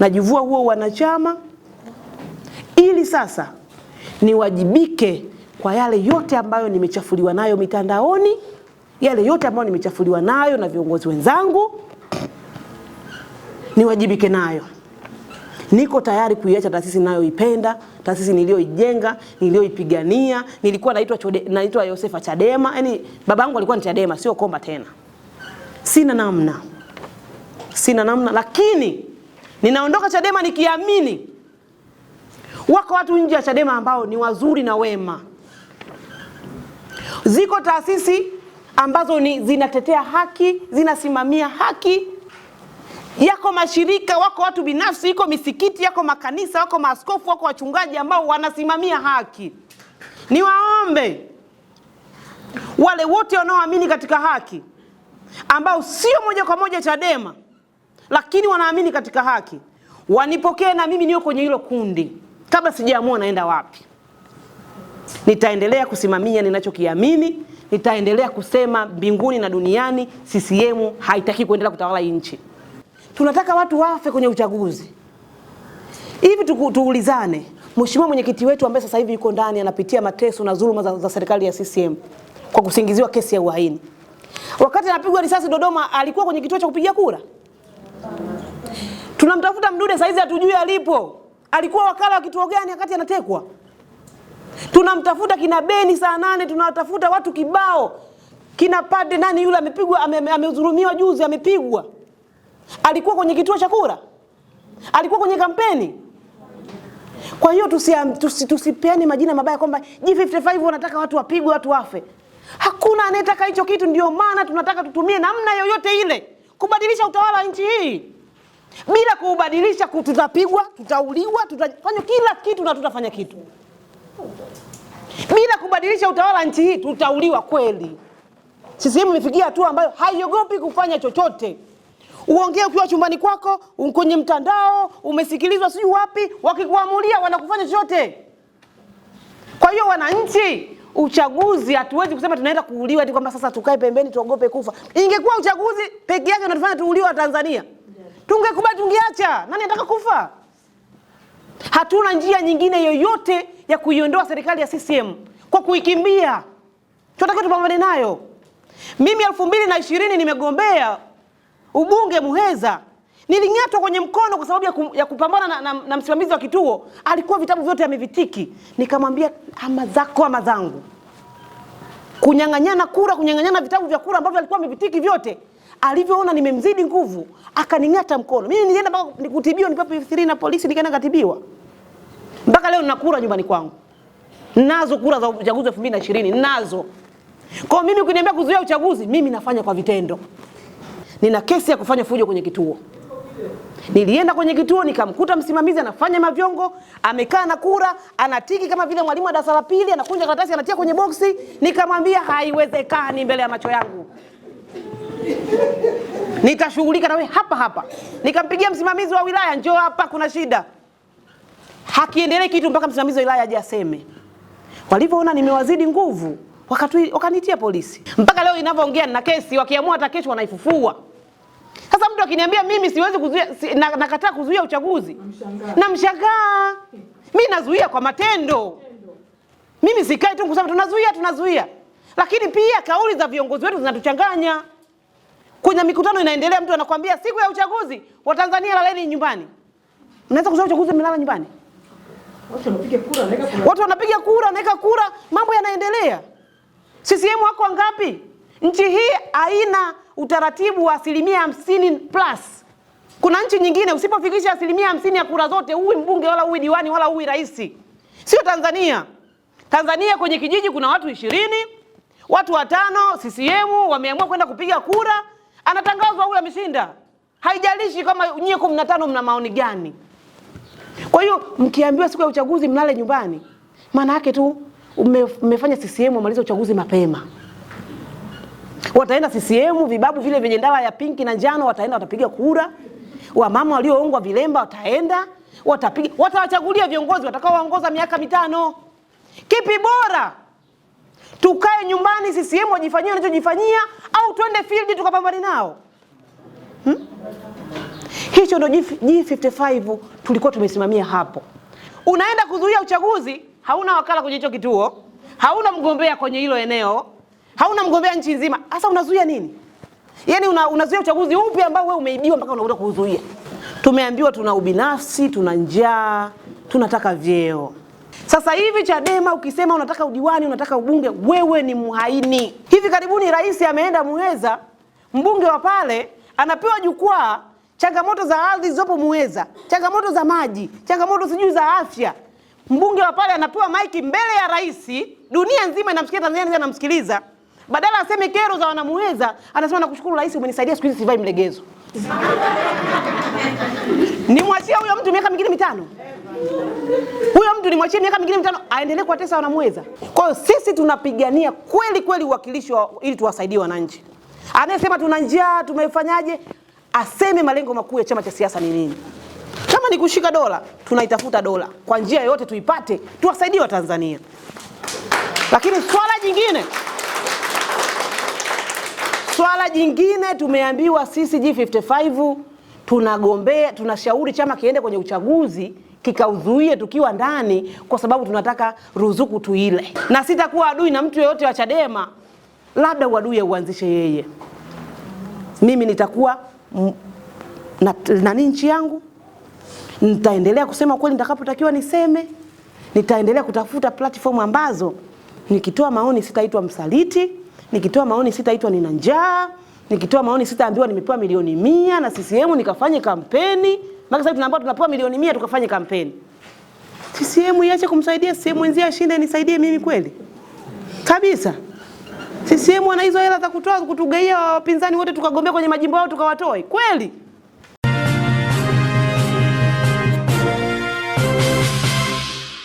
najivua huo wanachama ili sasa niwajibike kwa yale yote ambayo nimechafuliwa nayo mitandaoni, yale yote ambayo nimechafuliwa nayo na viongozi wenzangu, niwajibike nayo. Niko tayari kuiacha taasisi ninayoipenda, taasisi niliyoijenga, niliyoipigania. Nilikuwa naitwa naitwa Yosefa Chadema, baba yaani, babangu alikuwa ni Chadema, sio Komba tena. Sina namna, sina namna, lakini Ninaondoka Chadema nikiamini wako watu nje ya Chadema ambao ni wazuri na wema. Ziko taasisi ambazo ni zinatetea haki, zinasimamia haki. Yako mashirika, wako watu binafsi, iko misikiti, yako makanisa, wako maaskofu, wako wachungaji ambao wanasimamia haki. Niwaombe wale wote wanaoamini katika haki ambao sio moja kwa moja Chadema lakini wanaamini katika haki, wanipokee na mimi niwe kwenye hilo kundi, kabla sijaamua naenda wapi. Nitaendelea kusimamia ninachokiamini, nitaendelea kusema mbinguni na duniani CCM haitaki kuendelea kutawala nchi. Tunataka watu wafe kwenye uchaguzi hivi? Tuulizane, mheshimiwa mwenyekiti wetu ambaye sasa hivi yuko ndani anapitia mateso na dhuluma za, za serikali ya CCM kwa kusingiziwa kesi ya uhaini, wakati anapigwa risasi Dodoma alikuwa kwenye kituo cha kupigia kura? Tunamtafuta Mdude saizi hatujui alipo. Alikuwa wakala wa kituo gani wakati anatekwa? Tunamtafuta kina Beni saa nane, tunawatafuta watu kibao. Kina Pade nani yule amepigwa amedhulumiwa ame juzi amepigwa. Alikuwa kwenye kituo cha kura? Alikuwa kwenye kampeni? Kwa hiyo tusipeane tusi, tusi majina mabaya kwamba G55 wanataka watu wapigwe, watu wafe. Hakuna anayetaka hicho kitu, ndio maana tunataka tutumie namna yoyote ile kubadilisha utawala wa nchi hii bila kuubadilisha, tutapigwa, tutauliwa, tutafanya kila kitu na tutafanya kitu bila kubadilisha utawala nchi hii, tutauliwa kweli. Sisi imefikia hatua ambayo haiogopi kufanya chochote. Uongee ukiwa chumbani kwako, kwenye mtandao, umesikilizwa sijui wapi, wakikuamulia wanakufanya chochote. Kwa hiyo wananchi, uchaguzi hatuwezi kusema tunaenda kuuliwa kwamba sasa tukae pembeni tuogope kufa. Ingekuwa uchaguzi peke yake unatufanya tuuliwa Tanzania. Tungekubali tungeacha. Nani anataka kufa? Hatuna njia nyingine yoyote ya kuiondoa serikali ya CCM kwa kuikimbia. Tunataka tupambane nayo. Mimi elfu mbili na ishirini nimegombea ubunge Muheza, niling'atwa kwenye mkono kwa sababu ya kupambana na, na, na msimamizi wa kituo. Alikuwa vitabu vyote amevitiki, nikamwambia ama zako ama zangu, kunyang'anyana kura, kunyang'anyana vitabu vya kura ambavyo alikuwa amevitiki vyote Alivyoona nimemzidi nguvu, akaning'ata mkono. Mimi nilienda mpaka nikutibiwa, nilikuwa f 3 na polisi, nikaenda katibiwa. Mpaka leo nina nyumbani kwangu, nazo kura za uchaguzi 2020 nazo. Kwa mimi ukiniambia kuzuia uchaguzi, mimi nafanya kwa vitendo. Nina kesi ya kufanya fujo kwenye kituo. Nilienda kwenye kituo nikamkuta msimamizi anafanya mavyongo, amekaa na kura, anatiki kama vile mwalimu wa darasa la pili, anakunja karatasi anatia kwenye boksi. Nikamwambia haiwezekani mbele ya macho yangu nitashughulika na wewe hapa hapa. Nikampigia msimamizi wa wilaya, njoo hapa, kuna shida. Hakiendelee kitu mpaka msimamizi wa wilaya aje aseme. Walivyoona nimewazidi nguvu, wakatu wakanitia polisi. Mpaka leo inavyoongea na kesi, wakiamua hata kesho wanaifufua. Sasa mtu akiniambia mimi siwezi kuzuia si, na, nakataa kuzuia uchaguzi, namshangaa na mimi nazuia kwa matendo. Mimi sikai tu kusema tunazuia tunazuia, lakini pia kauli za viongozi wetu zinatuchanganya na mikutano inaendelea, mtu anakwambia siku ya uchaguzi wa Tanzania laleni nyumbani. Mnaweza kuzoea uchaguzi mlala nyumbani? Watu wanapiga kura, naweka kura. Watu wanapiga kura, naweka kura, mambo yanaendelea. CCM wako wangapi? Nchi hii haina utaratibu wa asilimia hamsini plus. Kuna nchi nyingine usipofikisha asilimia hamsini ya kura zote huwi mbunge wala huwi diwani wala huwi rais. Sio Tanzania. Tanzania kwenye kijiji kuna watu ishirini, watu watano CCM wameamua kwenda kupiga kura anatangazwa ule ameshinda, haijalishi kama nyie kumi na tano mna maoni gani. Kwa hiyo mkiambiwa siku ya uchaguzi mlale nyumbani, maana yake tu mmefanya CCM wamaliza uchaguzi mapema. Wataenda CCM, vibabu vile vyenye ndala ya pinki na njano wataenda, watapiga kura. Wamama walioongwa vilemba wataenda, watapiga, watawachagulia viongozi watakaoongoza miaka mitano. Kipi bora? tukae nyumbani CCM wajifanyia wanachojifanyia au tuende field tukapambane nao hmm? Hicho ndo G55 tulikuwa tumesimamia hapo. Unaenda kuzuia uchaguzi, hauna wakala kwenye hicho kituo, hauna mgombea kwenye hilo eneo, hauna mgombea nchi nzima. Sasa unazuia nini? Yaani una, unazuia uchaguzi upi ambao wewe umeibiwa mpaka unakuta kuuzuia? Tumeambiwa tuna ubinafsi, tuna njaa, tunataka vyeo. Sasa hivi Chadema ukisema unataka udiwani, unataka ubunge, wewe ni mhaini. Hivi karibuni rais ameenda Muheza, mbunge wa pale anapewa jukwaa, changamoto za ardhi zopo Muheza, changamoto za maji, changamoto sijui za afya. Mbunge wa pale anapewa maiki mbele ya rais, dunia nzima inamsikia, Tanzania nzima inamsikiliza. Badala aseme kero za wanamuweza, anasema nakushukuru rais, umenisaidia siku hizi sivai mlegezo. Nimwachia huyo mtu miaka mingine mitano. Huyo mtu nimwachie miaka mingine mitano aendelee kuwatesa wanamweza. Kwa hiyo sisi tunapigania kweli kweli uwakilishi ili tuwasaidie wananchi. Anayesema tuna njaa tumefanyaje, aseme malengo makuu ya chama cha siasa ni nini. Kama ni kushika dola, tunaitafuta dola kwa njia yoyote tuipate, tuwasaidie Watanzania. Lakini swala jingine swala jingine tumeambiwa sisi G55 tunagombea, tunashauri chama kiende kwenye uchaguzi kikauzuie tukiwa ndani, kwa sababu tunataka ruzuku tuile, na sitakuwa adui na mtu yeyote wa Chadema. Labda uadui auanzishe yeye, mimi nitakuwa na, nani nchi yangu, nitaendelea kusema kweli nitakapotakiwa niseme, nitaendelea kutafuta platform ambazo nikitoa maoni sitaitwa msaliti, nikitoa maoni sitaitwa nina njaa, nikitoa maoni sitaambiwa nimepewa milioni mia na CCM nikafanye kampeni. Maana sasa tunaambiwa tunapewa milioni mia tukafanye kampeni. CCM iache kumsaidia CCM wenzie ashinde nisaidie mimi kweli? Kabisa. CCM wana hizo hela za kutoa kutugaia wapinzani wote tukagombea kwenye majimbo yao tukawatoe. Kweli?